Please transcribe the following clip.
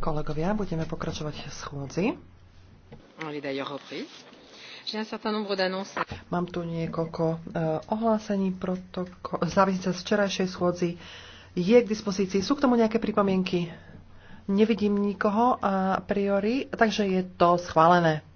Kolegovia, budeme pokračovať v schôdzi. Mám tu niekoľko eh, ohlásení protoko- závisíce z včerajšej schôdzi. Je k dispozícii. Sú k tomu nejaké pripomienky? Nevidím nikoho a priori, takže je to schválené.